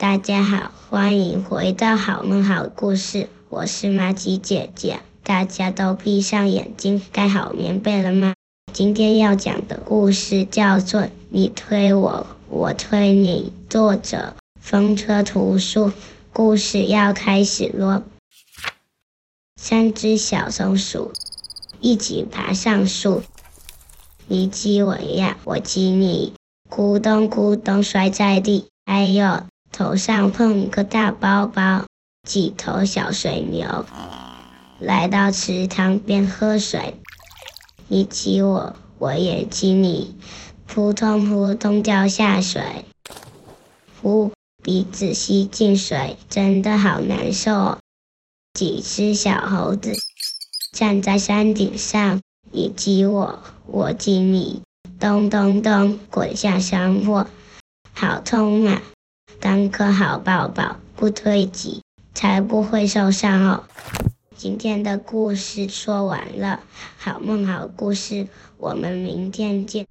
大家好，歡迎回到《好夢好故事》，我是馬吉姐姐。大家都閉上眼睛，蓋好棉被了嗎？今天要講的故事叫做《你推我，我推你》，作者風車圖書。故事要開始咯。三隻小松鼠一起爬上樹，你擠我呀，我擠你，咕咚咕咚咚摔在地，哎呦！頭上碰個大包包，幾頭小水牛來到池塘邊喝水，你擠我，我也擠你，撲通撲通掉下水，呼鼻子吸進水，真的好難受哦。幾隻小猴子站在山頂上，你擠我，我擠你，咚咚咚滾下山坡，好痛啊！當個好寶寶，不推擠，才不會受傷哦。今天的故事說完了，好夢好故事，我們明天見。